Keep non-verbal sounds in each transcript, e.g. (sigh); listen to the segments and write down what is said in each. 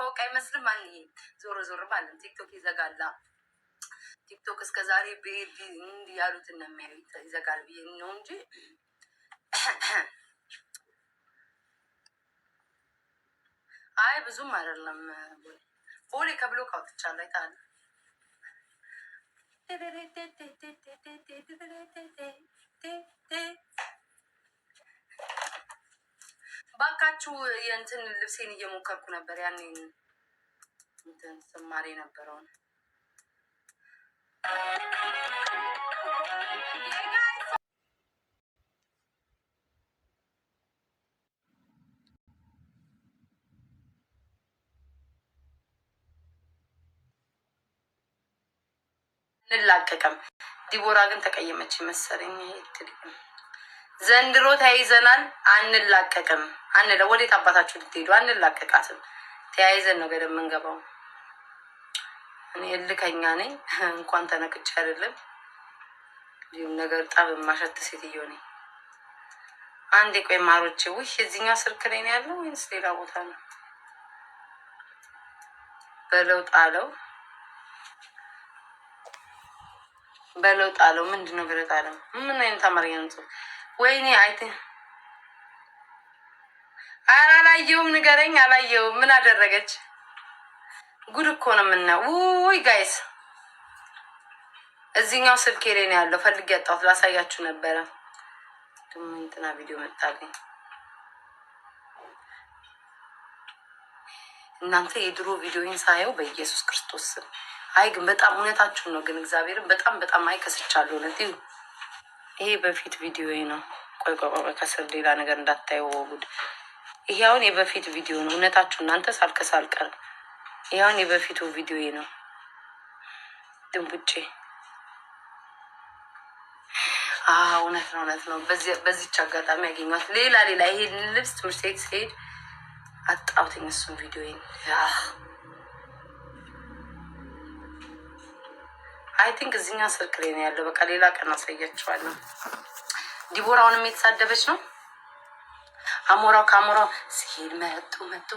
ማስተዋወቅ አይመስልም። ማን ዞሮ ዞር ማለት ቲክቶክ ይዘጋላ። ቲክቶክ እስከ ዛሬ ቤቢ ያሉት እነሚያዩ ይዘጋል ብዬ ነው እንጂ አይ ብዙም አይደለም። ቦሌ ከብሎክ አውጥቻለሁ አይተሃል። ባካችሁ የእንትን ልብሴን እየሞከርኩ ነበር። ያኔ እንትን ስማሬ ነበረውን እንላቀቅም። ዲቦራ ግን ተቀየመች መሰለኝ ትልቅም ዘንድሮ ተያይዘናል፣ አንላቀቅም። አንለ ወዴት አባታችሁ ልትሄዱ? አንላቀቃትም። ተያይዘን ነው ገደም የምንገባው። እኔ እልከኛ ነኝ፣ (laughs) እንኳን ተነቅጭ አይደለም እንዲሁም ነገር ጣብ የማሸት ሴትዮ ነኝ። አንዴ ቆይ ማሮች፣ ውይ የዚህኛው ስልክ ላይ ነው ያለው ወይንስ ሌላ ቦታ ነው? በለውጥ አለው በለውጥ አለው ምንድን ነው በለውጥ አለው? ምን አይነት አማርኛ ነው? ወይኔ አይት ኧረ አላየውም፣ ንገረኝ። አላየውም። ምን አደረገች? ጉድ እኮ ነው የምናየው። ውይ ጋይስ፣ እዚህኛው ስልክ ላይ ነው ያለው። ፈልግ ያጣሁት ላሳያችሁ ነበረ። ደግሞ እንትና ቪዲዮ መጣልኝ። እናንተ የድሮ ቪዲዮን ሳየው በኢየሱስ ክርስቶስ። አይ ግን በጣም እውነታችሁን ነው። ግን እግዚአብሔርን በጣም በጣም አይ ከስቻለሁ። እውነት ይሄ በፊት ቪዲዮ ነው። ቆይ ቆይ ከስር ሌላ ነገር እንዳታዩ ጉድ። ይሄ አሁን የበፊት ቪዲዮ ነው። እውነታችሁ እናንተ ሳልከስ አልቀርም። ይሄ አሁን የበፊቱ ቪዲዮ ነው። ድንቡጬ እውነት ነው፣ እውነት ነው። በዚች አጋጣሚ ያገኘት ሌላ ሌላ ይሄ ልብስ ትምህርት ቤት ስሄድ አጣሁትኝ እሱን ቪዲዮ አይ ቲንክ እዚኛ ስልክ ላይ ነው ያለው። በቃ ሌላ ቀን አሳያችኋለሁ። ዲቦራውንም የተሳደበች ነው። አሞራው ከአሞራው ሲሄድ መጡ መጡ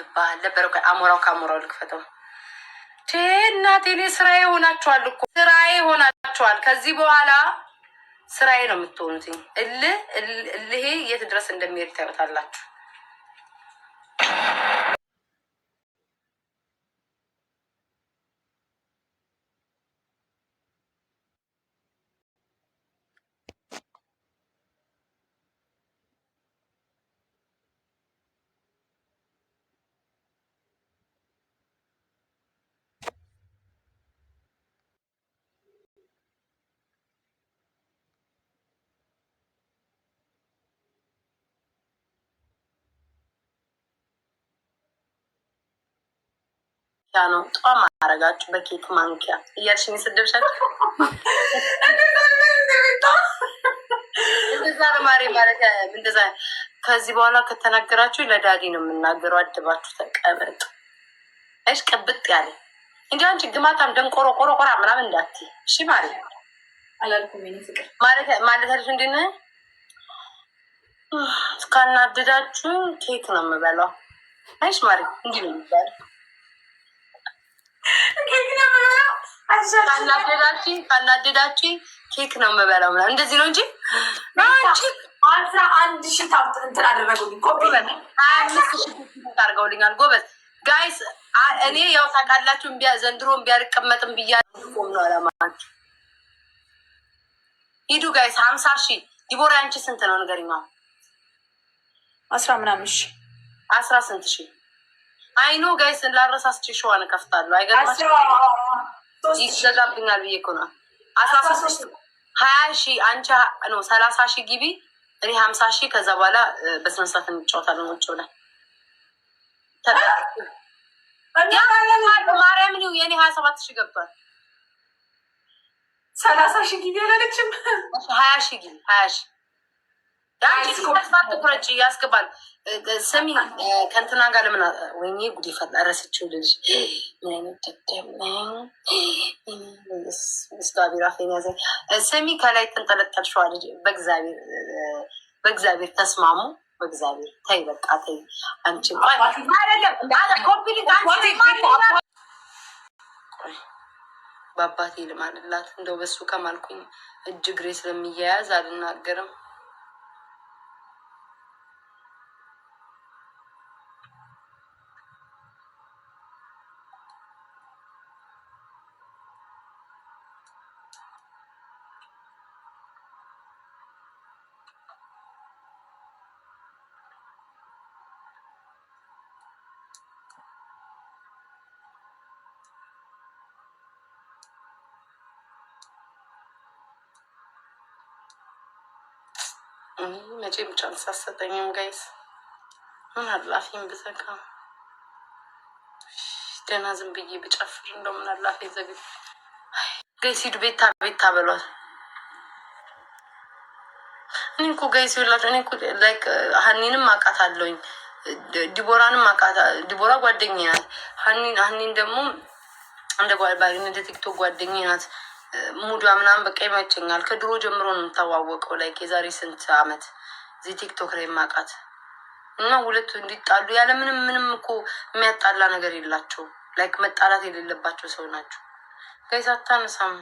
እንባል ነበረ። አሞራው ከአሞራው ልክፈተው። እናቴ እኔ ስራዬ ሆናችኋል እኮ ስራዬ ሆናችኋል። ከዚህ በኋላ ስራዬ ነው የምትሆኑት። እልህ እልሄ የት ድረስ እንደሚሄድ ታዩታላችሁ። ነው ጧ ማረጋችሁ በኬክ ማንኪያ እያልሽኝ ስድብሻል። ማለት እንደዛ። ከዚህ በኋላ ከተናገራችሁ ለዳዲ ነው የምናገረው። አድባችሁ ተቀመጡ። እሽ ቅብጥ ያለ እንዲ አንቺ ግማታም ደንቆሮ ቆረቆራ ምናምን እንዳት እሺ። ማሪ ማለት ማለት እንዲህ ነው። እስካናድዳችሁ ኬክ ነው የምበላው። እሽ ማለት እንዲ ነው የሚባለው ካላደዳችኝ ኬክ ነው የምበላው ምናምን እንደዚህ ነው እንጂ አስራ አንድ ሺህ እንትን አደረጉልኝ። ሀያ አምስት ሺህ አድርገውልኛል። ጎበዝ ጋይስ፣ እኔ ያው ታውቃላችሁ ዘንድሮ ቢያልቀመጥም ብያቆም ነው አላማችሁ። ሂዱ ጋይስ፣ ሀምሳ ሺህ ዲቦራ፣ አንቺ ስንት ነው ንገሪኝ? አስራ ምናምን ሺህ አስራ ስንት ሺህ አይኖ ጋይስ ላረሳስቼ ሸዋን ንከፍታሉ አይገርማይዘጋብኛል ይዘጋብኛል ብዬ እኮ ነው። አስራ ሀያ ሺ አንቺ ነው ሰላሳ ሺ ግቢ እኔ ሀምሳ ሺ ከዛ በኋላ በስነ ስርዓት እንጫወታለን። ውጭ ብለን ማርያም ኒው የኔ ሀያ ሰባት ሺ ገባል። ሰላሳ ሺ ግቢ አላለችም። ሀያ ሺ ግቢ ሀያ ሺ ትኩረጭ ያስገባል። ስሚ ከእንትና ጋር ለምን ወይኔ ጉድ ከላይ ተንጠለጠልሸዋ ልጅ በእግዚአብሔር ተስማሙ። በእግዚአብሔር ተይ በቃ ተይ አንቺ በአባቴ ልማልላት እንደው በሱ ከማልኩኝ እጅግሬ ስለሚያያዝ አልናገርም። መቼም ቻንስ አትሰጠኝም ጋይስ። ምን አላፊን ብዘጋ ደህና ዝም ብዬ ብጨፍር እንደው ምን አላፊ ዘግ ጋይስ። ሂዱ ቤታ ቤታ ብሏል እኔ እኮ ጋይስ ይላቸው እኔ ላይክ ሀኒንም አውቃት አለውኝ ዲቦራንም አውቃት። ዲቦራ ጓደኛ ናት። ሀኒን ሀኒን ደግሞ እንደ ጓልባሪ እንደ ቲክቶክ ጓደኛ ናት። ሙዷ ምናምን በቃ ይመቸኛል። ከድሮ ጀምሮ ነው የምታዋወቀው። ላይ የዛሬ ስንት አመት እዚህ ቲክቶክ ላይ ማቃት እና ሁለቱ እንዲጣሉ ያለ ምንም ምንም እኮ የሚያጣላ ነገር የላቸው ላይክ መጣላት የሌለባቸው ሰው ናቸው። ከይሳታነሳም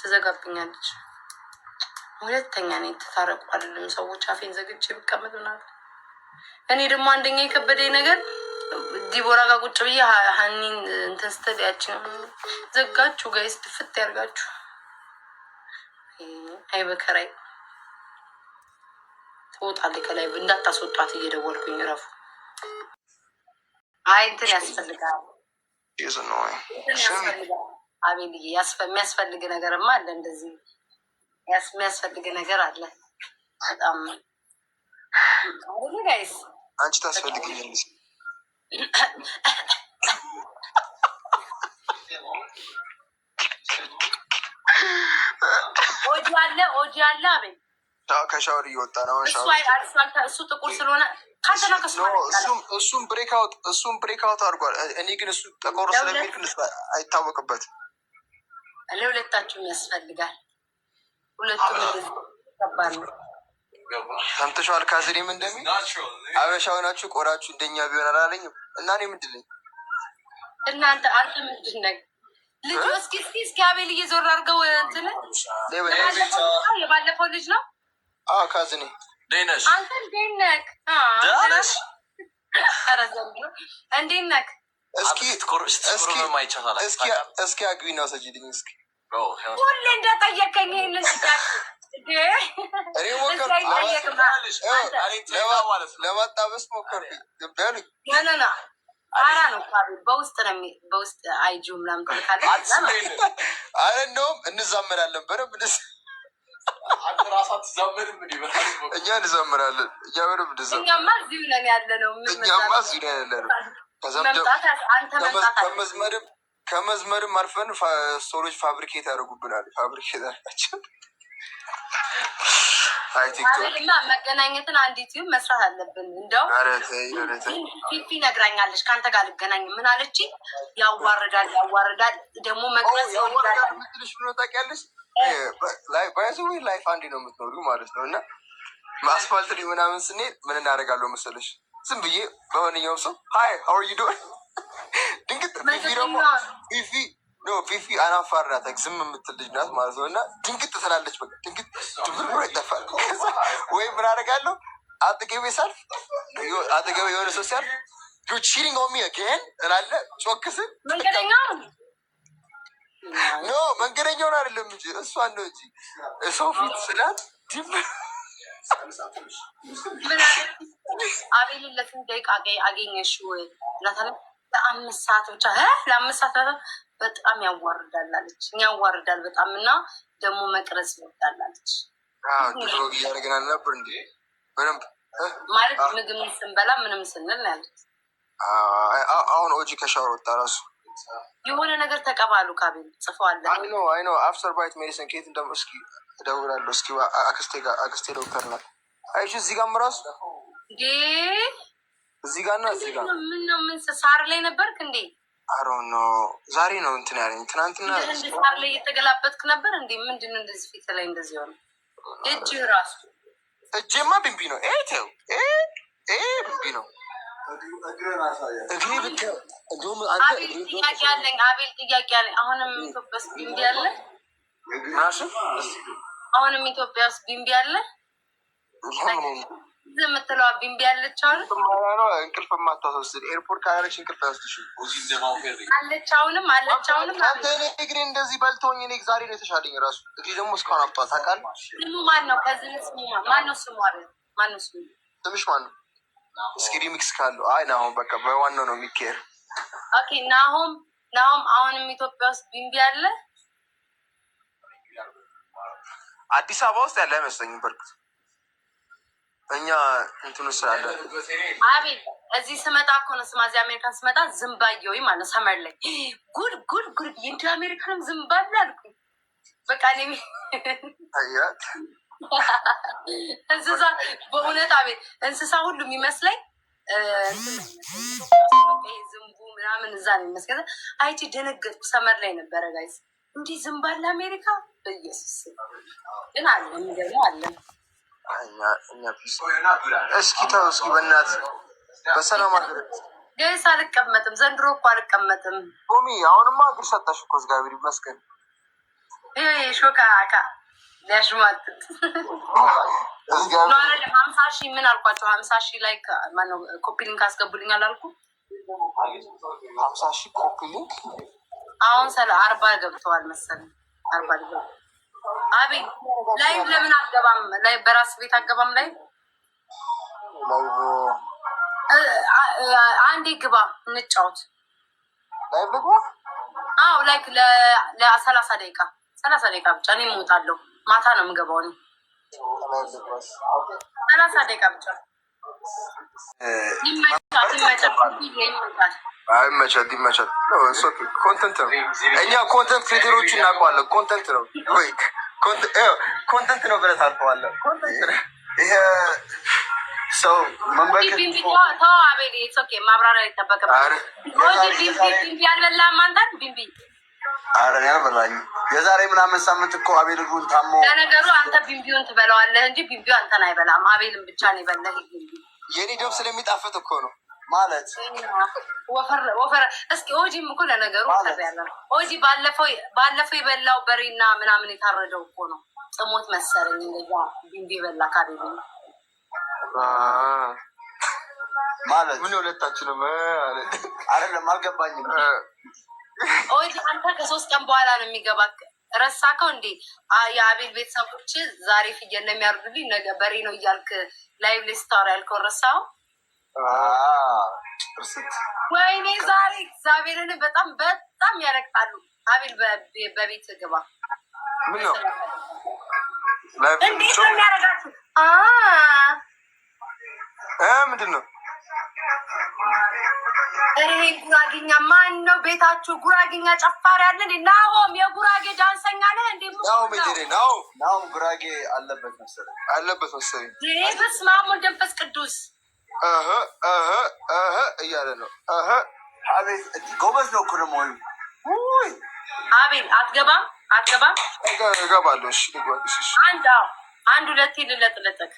ትዘጋብኛለች። ሁለተኛ ነ ተታረቁ አይደለም ሰዎች አፌን ዘግቼ ብቀመጥ ምናምን። እኔ ደግሞ አንደኛ የከበደኝ ነገር ዲቦራ ጋር ቁጭ ብዬ ሀኒን እንትን ስትል ያችን ዘጋችሁ ጋይስ፣ ድፍት ያርጋችሁ አይ በከራይ ትወጣለች ከላይ እንዳታስወጧት እየደወልኩኝ እረፉ። አይ እንትን ያስፈልጋል አቤልዬ የሚያስፈልግ ነገርማ አለ። እንደዚህ የሚያስፈልግ ነገር አለ። በጣም ጋይስ አንቺ ታስፈልግኛለሽ። (laughs) ኦጂ አለ ኦጂ አለ አቤት ከሻወር እየወጣ ነው። እሱ ጥቁር ስለሆነ እሱም ብሬክአውት እሱም አውት አድርጓል። እኔ ግን እሱ ጠቆር ስለሚል ግን አይታወቅበትም። ለሁለታችሁም ያስፈልጋል። ሁለቱም ከባድ ነው። ሰምተሻል? ካዝኔም እንደሚል አበሻው ናችሁ ቆራችሁ እንደኛ ቢሆን አላለኝም እና እኔ ምንድን ነኝ እናንተ አንተ ምንድን ነህ ልጁ እስኪ እስኪ እስኪ አቤል እየዞር አድርገው እንትን የባለፈው ልጅ ነው። ካዝኒ አንተ እንዴት እንዴት እስኪ አግቢ ነው እስኪ ሁሌ እንደጠየቀኝ ሞከርኩኝ በሉኝ አራ ነው በውስጥ በውስጥ አይጂ ምናምን አረ እንደውም እንዛመዳለን በደንብ ደስ እኛ እኛ በደንብ ነን ያለ ነው። እኛማ ነን ያለ ነው። ከመዝመርም አልፈን ፋብሪኬት ያደርጉብናል። ፋብሪኬት አርጋቸው እና መገናኘትን አንዲት መስራት አለብን። እንደው ፊፊ ነግራኛለች ከአንተ ጋር ልገናኝ ምን አለች? ያዋርዳል ያዋርዳል ደግሞ መቅረጽ ላይፍ አንዴ ነው የምትኖሩ ማለት ነው እና አስፋልት ላይ ምናምን ስንሄድ ምን እናደርጋለሁ መሰለሽ? ዝም ብዬ በሆነኛውም ሰው ሀይ ሀው ዩ ዶን ድንግጥ ፊፊ ደግሞ ፊፊ ፊፊ አናፋር ናት፣ ዝም የምትል ልጅ ናት ማለት ነው። እና ድንግጥ ትላለች፣ በቃ ድንግጥ ድብርብሮ ይጠፋል። ወይ ምን አደርጋለሁ አጠገቤ ሳልፍ አጠገቤ የሆነ ሰው ሲያልፍ ዩ ቺሪንግ ኦን ሚ አጌን እላለ ጮክስን መንገደኛ ኖ መንገደኛውን አይደለም እንጂ እሷ ነው እንጂ ሰው ፊት ስላት ድብር አቤልለትን ደቂቃ አገኘሽ ለአምስት ሰዓት ብቻ ለአምስት ሰዓት በጣም ያዋርዳላለች ያዋርዳል በጣም እና ደግሞ መቅረጽ ይወዳላለች። ድሮ እያደረግን አልነበር እንዴ? በደንብ ማለት ምግብ ስንበላ ምንም ስንል ያለት አሁን ኦጂ ከሻወር ወጣ ራሱ የሆነ ነገር ተቀባሉ ካቤል ጽፈዋለ። አይ ኖ አፍተር ባይት ሜዲሲን ኬት እንደ እስኪ እደውላለሁ። እስኪ አክስቴ ጋር አክስቴ ዶክተር ናት። አይሽ እዚህ ጋርም ራሱ እዚህ ጋር ና እዚህ ጋር ምን ነው ምን ሳር ላይ ነበርክ እንዴ? አሮኖ ዛሬ ነው እንትን ያለኝ። ትናንትና ሳር ላይ እየተገላበጥክ ነበር እንዴ? ምንድን ነው እንደዚህ ፊት ላይ እንደዚህ ሆነ? እጅ ራሱ እጅማ ብንቢ ነው። ኤ ብንቢ ነው። አቤል ጥያቄ አለኝ። አቤል ጥያቄ አለኝ። አሁንም ኢትዮጵያ ውስጥ ቢንቢ አለ? አሁንም ኢትዮጵያ ውስጥ ቢንቢ አለ? የምትለው ቢምቢ ያለች እንቅልፍ ኤርፖርት እንቅልፍ አለቻውንም አለቻውንም እግሬ እንደዚህ በልተውኝ እኔ ዛሬ ነው የተሻለኝ። ራሱ እግሬ ደግሞ እስካሁን ታውቃለህ። ስሙ ማን ነው? ከዚህ ማን ነው? ስምሽ ማን ነው? እስኪ ሪሚክስ አይ በቃ በዋናው ነው የሚካሄድ። ኦኬ አሁንም ኢትዮጵያ ውስጥ አለ አዲስ አበባ ውስጥ ያለ አይመስለኝም በርግጥ እኛ እንትኑ ስላለ አቤት እዚህ ስመጣ እኮ ነው ስማ፣ እዚህ አሜሪካን ስመጣ ዝምባየው ማለት ሰመር ላይ ጉድ ጉድ ጉድ እንደ አሜሪካንም ዝምባ አልኩ። በቃ ኔ እንስሳ በእውነት አቤት እንስሳ ሁሉ የሚመስለኝ ዝንቡ ምናምን እዛ ነው የሚመስገ አይቼ ደነገጥኩ። ሰመር ላይ ነበረ ጋይስ እንዲህ ዝምባለ አሜሪካ በኢየሱስ ግን አለ የሚገርመው አለ እስኪ ተው እስኪ በእናት በሰላም አድርገህ ገይስ አልቀመጥም። ዘንድሮ እኮ አልቀመጥም። ሚ አሁንማ እግር ሰጣሽ እኮ እግዚአብሔር ይመስገን። ሾካ አካ ሊያሽሟጥጥ ሀምሳ ሺህ ምን አልኳቸው? ሀምሳ ሺ ላይ ማነው ኮፒ ሊንክ አስገቡልኝ አላልኩ? ሀምሳ ሺህ ኮፒ አሁን ሰላ አርባ ገብተዋል መሰለኝ አርባ ገብተዋል አቤ ላይ ለምን አገባም ላይ በራስ ቤት አገባም ላይ አንዴ ግባ እንጫወት። አዎ ላይክ ለሰላሳ ደቂቃ ሰላሳ ደቂቃ ብቻ እኔ እሞጣለሁ። ማታ ነው የምገባው እኔ ሰላሳ ደቂቃ ብቻ አይመቻት ይመቻት። ኮንተንት ነው፣ እኛ ኮንተንት ክሬተሮች እናውቀዋለን። ኮንተንት ነው ኮንተንት ነው ብለህ ታልፈዋለህ። ይሄ ሰው ማብራሪያ አንተ የዛሬ ምናምን ሳምንት እኮ አቤል እግሩን ታሞ። ለነገሩ አንተ እንጂ አንተን አይበላም። አቤልን ብቻ ነው የበላህ። የኔ ደም ስለሚጣፍጥ እኮ ነው ማለት ወፈረ እስኪ ኦጂም እኮ ለነገሩ ያለ ኦጂ ባለፈው ባለፈው የበላው በሬና ምናምን የታረደው እኮ ነው። ጥሞት መሰለኝ እንደዛ ቢንቢ በላ ካቤቢ ማለት ምን የሁለታችንም አይደለም። አልገባኝም። ኦጂ አንተ ከሶስት ቀን በኋላ ነው የሚገባ ረሳከው እንዴ? የአቤል ቤተሰቦች ዛሬ ፍየል ነው የሚያርዱልኝ ነገ በሬ ነው እያልክ ላይቭ ላይ ስታወራ ያልከው ረሳኸው? ወይኔ ዛሬ እግዚአብሔርን በጣም በጣም ያረግጣሉ። አቤል በቤት ግባ። እንዴት ነው የሚያረጋችሁ? ምንድን ነው ይሄ? ጉራጌኛ ማን ነው ቤታችሁ? ጉራጌኛ ጨፋሪ ያለን ናሆም፣ የጉራጌ ዳንሰኛ ነህ እንዴ? ናሆም ጉራጌ አለበት መሰለኝ፣ አለበት መሰለኝ። በስመ አብ ወመንፈስ ቅዱስ እያለ ነው። ጎበዝ ነው እኮ ደግሞ አቤል። አትገባም አትገባም። እገባለሁ። አንድ አንድ ሁለት ይልለጥለጠቅ